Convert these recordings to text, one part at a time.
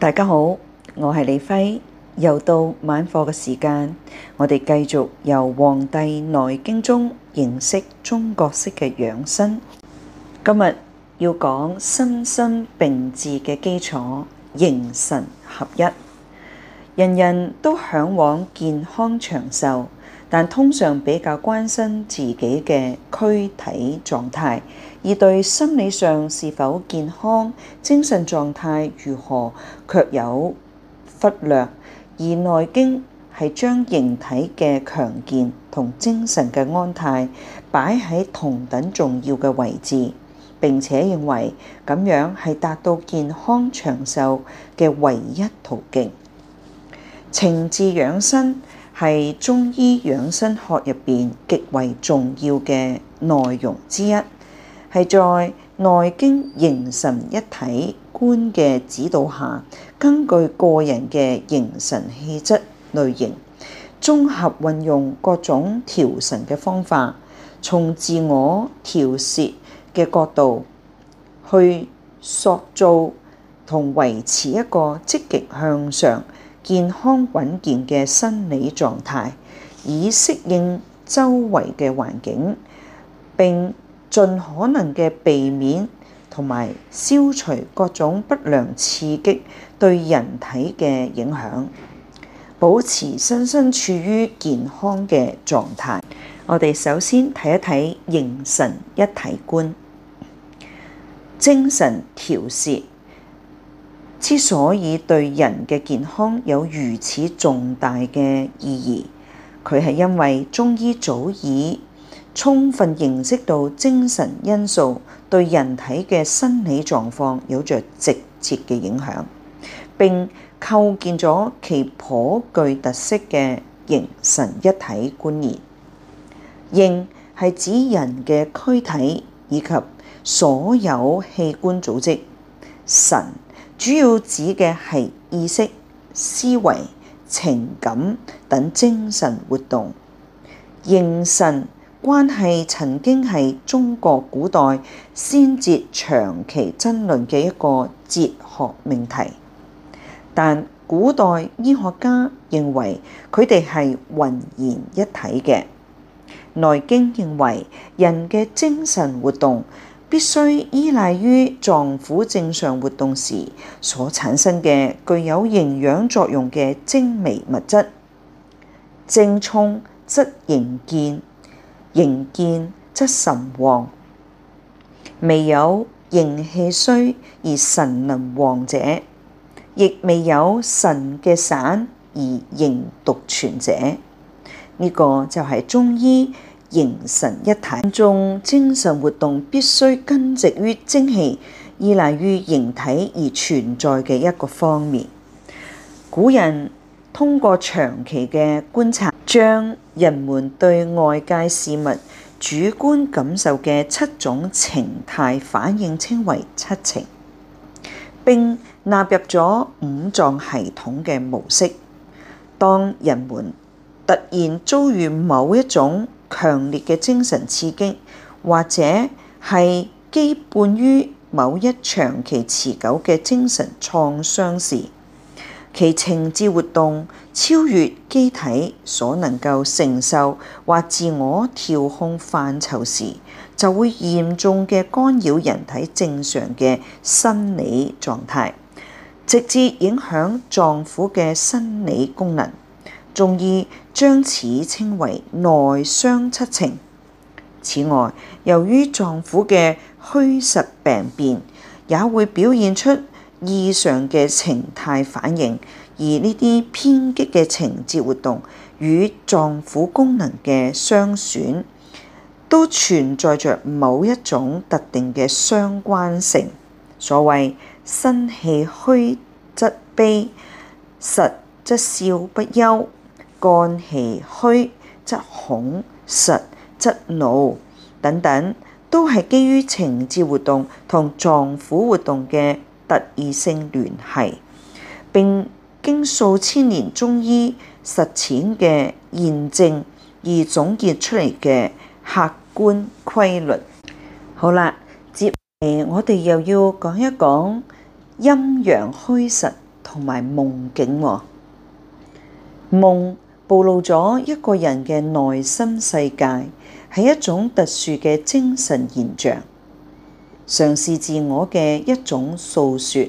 大家好，我係李輝，又到晚課嘅時間，我哋繼續由《黃帝內經》中認識中國式嘅養生。今日要講身心並治嘅基礎，形神合一。人人都向往健康長壽。但通常比較關心自己嘅軀體狀態，而對心理上是否健康、精神狀態如何卻有忽略。而《內經》係將形體嘅強健同精神嘅安泰擺喺同等重要嘅位置，並且認為咁樣係達到健康長壽嘅唯一途徑。情志養生，係中醫養生學入邊極為重要嘅內容之一，係在《內經》形神一體觀嘅指導下，根據個人嘅形神氣質類型，綜合運用各種調神嘅方法，從自我調攝嘅角度去塑造同維持一個積極向上，健康穩健嘅生理狀態，以適應周圍嘅環境，並盡可能嘅避免同埋消除各種不良刺激對人體嘅影響，保持身心處於健康嘅狀態。 我哋首先睇一睇形神一體觀，精神調節。之所以對人嘅健康有如此重大嘅意義，佢係因為中醫早已充分認識到精神因素對人體嘅生理狀況有着直接嘅影響，並構建咗其頗具特色嘅形神一體觀念。形係指人嘅軀體以及所有器官組織，神，主要指嘅係意識、思維、情感等精神活動。形神關係曾經係中國古代先哲長期爭論嘅一個哲學命題，但古代醫學家認為佢哋係渾然一體嘅。《內經》認為人嘅精神活動。必須依賴於臟腑正常活動時所產生嘅具有營養作用嘅精微物質正。精充則形健，形健則神旺。未有形氣衰而神能旺者，亦未有神嘅散而形獨存者。呢、這個就係中醫。形神一體中，精神活動必須根植於精氣，依賴於形體而存在嘅一個方面。古人通過長期嘅觀察，將人們對外界事物主觀感受嘅七種情態反應稱為七情，並納入咗五臟系統嘅模式。當人們突然遭遇某一種強烈嘅精神刺激，或者係基本於某一長期持久嘅精神創傷時，其情志活動超越機體所能夠承受或自我調控範疇時，就會嚴重嘅干擾人體正常嘅生理狀態，直至影響臟腑嘅生理功能。中醫將此稱為內傷七情。此外，由於臟腑嘅虛實病變，也會表現出異常嘅情態反應。而呢啲偏激嘅情節活動與臟腑功能嘅相損，都存在着某一種特定嘅相關性。所謂身氣虛則悲，實則笑不憂。肝氣虛則恐，實則怒等等，都係基於情志活動同臟腑活動嘅特異性聯繫，並經數千年中醫實踐嘅驗證而總結出嚟嘅客觀規律。好啦，接嚟，我哋又要講一講陰陽虛實同埋夢境喎、哦，夢。暴露咗一個人嘅內心世界，係一種特殊嘅精神現象，嘗試自我嘅一種訴説。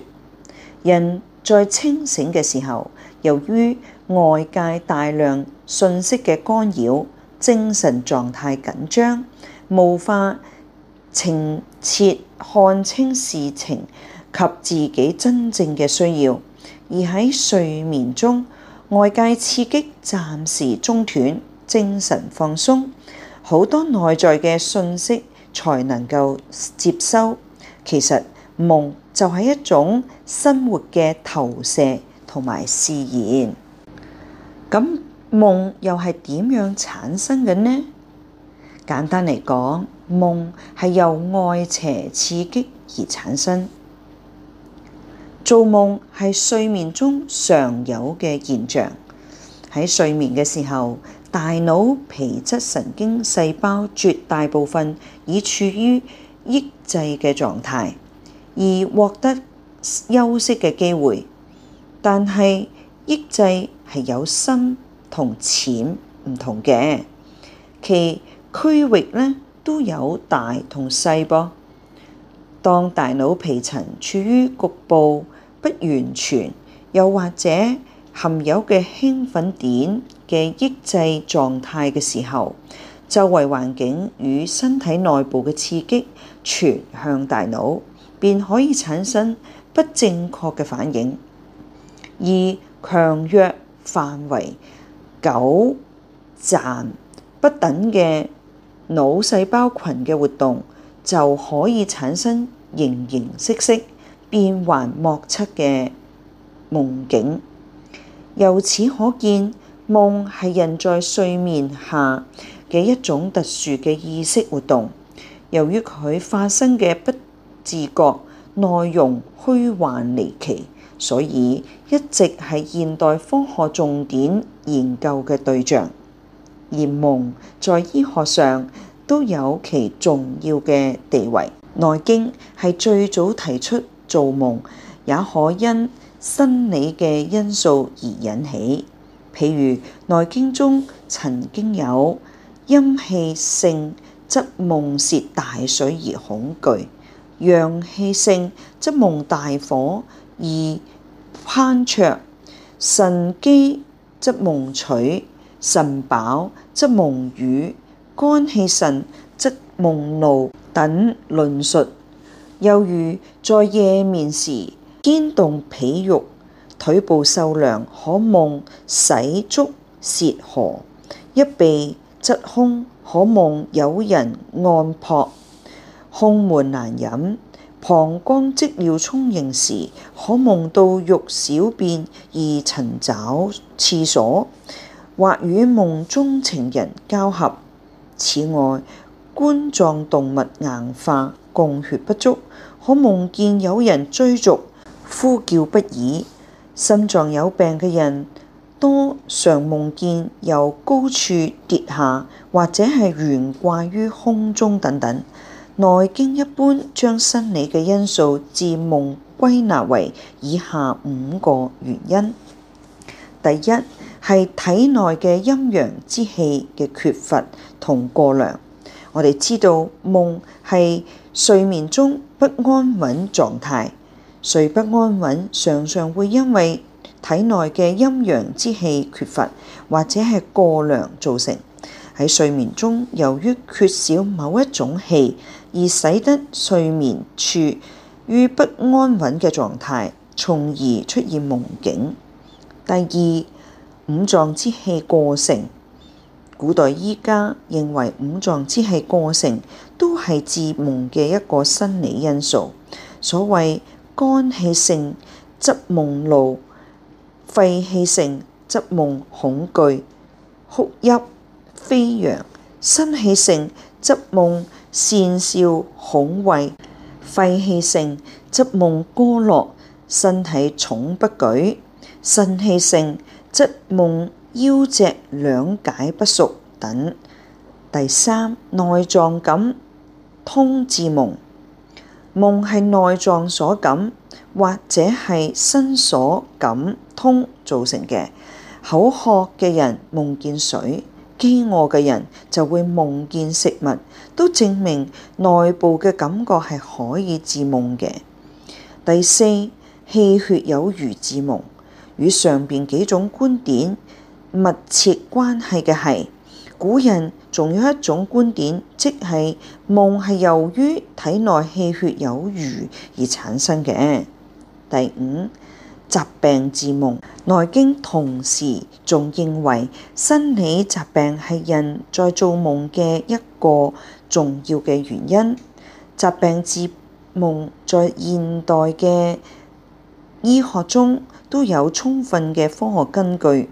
人在清醒嘅時候，由於外界大量信息嘅干擾，精神狀態緊張，無法情切看清事情及自己真正嘅需要，而喺睡眠中。外界刺激暫時中斷，精神放鬆，好多內在嘅信息才能夠接收。其實夢就係一種生活嘅投射同埋示現。咁夢又係點樣產生嘅呢？簡單嚟講，夢係由外邪刺激而產生。做夢係睡眠中常有嘅現象。喺睡眠嘅時候，大腦皮質神經細胞絕大部分已處於抑制嘅狀態，而獲得休息嘅機會。但係抑制係有深同淺唔同嘅，其區域咧都有大同細噃。當大腦皮層處於局部，不完全，又或者含有嘅興奮點嘅抑制狀態嘅時候，周圍環境與身體內部嘅刺激傳向大腦，便可以產生不正確嘅反應。而強弱範圍久暫不等嘅腦細胞群嘅活動，就可以產生形形色色變幻莫測嘅夢境，由此可見，夢係人在睡眠下嘅一種特殊嘅意識活動。由於佢發生嘅不自覺，內容虛幻離奇，所以一直係現代科學重點研究嘅對象。而夢在醫學上都有其重要嘅地位，《內經》係最早提出。做夢也可因生理嘅因素而引起，譬如《內經》中曾經有陰氣盛則夢涉大水而恐懼，陽氣盛則夢大火而攀灼，甚飢則夢取，甚飽則夢予，肝氣盛則夢怒等論述。又如在夜眠時，肩動被褥，腿部受涼，可夢洗足涉河；一臂則空，可夢有人按撲；空悶難忍，膀胱積尿充盈時，可夢到欲小便而尋找廁所，或與夢中情人交合。此外，冠狀動物硬化，供血不足，可夢見有人追逐、呼叫不已；心臟有病嘅人，多常夢見由高處跌下，或者係懸掛於空中等等。內經一般將生理嘅因素致夢歸納為以下五個原因：第一係體內嘅陰陽之氣嘅缺乏同過量。我哋知道夢係睡眠中不安穩狀態，睡不安穩常常會因為體內嘅陰陽之氣缺乏或者係過量造成。喺睡眠中，由於缺少某一種氣而使得睡眠處於不安穩嘅狀態，從而出現夢境。第二，五臟之氣過盛。古代醫家認為五臟之氣過盛都係致夢嘅一個生理因素。所謂肝氣盛則夢怒，肺氣盛則夢恐懼、哭泣飛揚、飛揚；心氣盛則夢善笑恐畏，肺氣盛則夢歌樂，身體重不舉；腎氣盛則夢腰脊兩解不熟等。第三，內臟感通致夢，夢係內臟所感，或者係身所感通造成嘅。口渴嘅人夢見水，飢餓嘅人就會夢見食物，都證明內部嘅感覺係可以致夢嘅。第四，氣血有餘致夢，與上邊幾種觀點密切關係嘅係古人，仲有一種觀點，即係夢係由於體內氣血有餘而產生嘅。第五，疾病治夢，《內經》同時仲認為生理疾病係人在做夢嘅一個重要嘅原因。疾病治夢，在現代嘅醫學中都有充分嘅科學根據。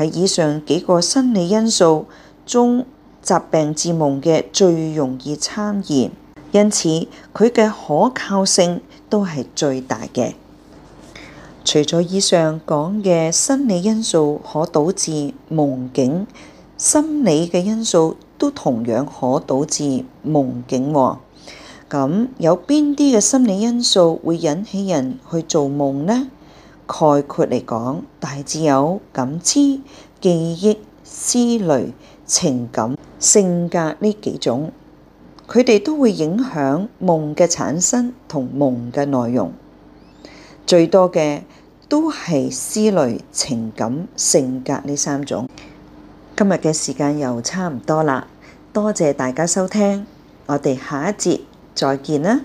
喺以上幾個生理因素中，疾病致夢嘅最容易參與，因此佢嘅可靠性都係最大嘅。除咗以上講嘅生理因素可導致夢境，心理嘅因素都同樣可導致夢境，哦。咁有邊啲嘅心理因素會引起人去做夢呢？概括嚟講，大致有感知、記憶、思慮、情感、性格呢幾種，佢哋都會影響夢嘅產生同夢嘅內容。最多嘅都係思慮、情感、性格呢三種。今日嘅時間又差唔多啦，多謝大家收聽，我哋下一節再見啦。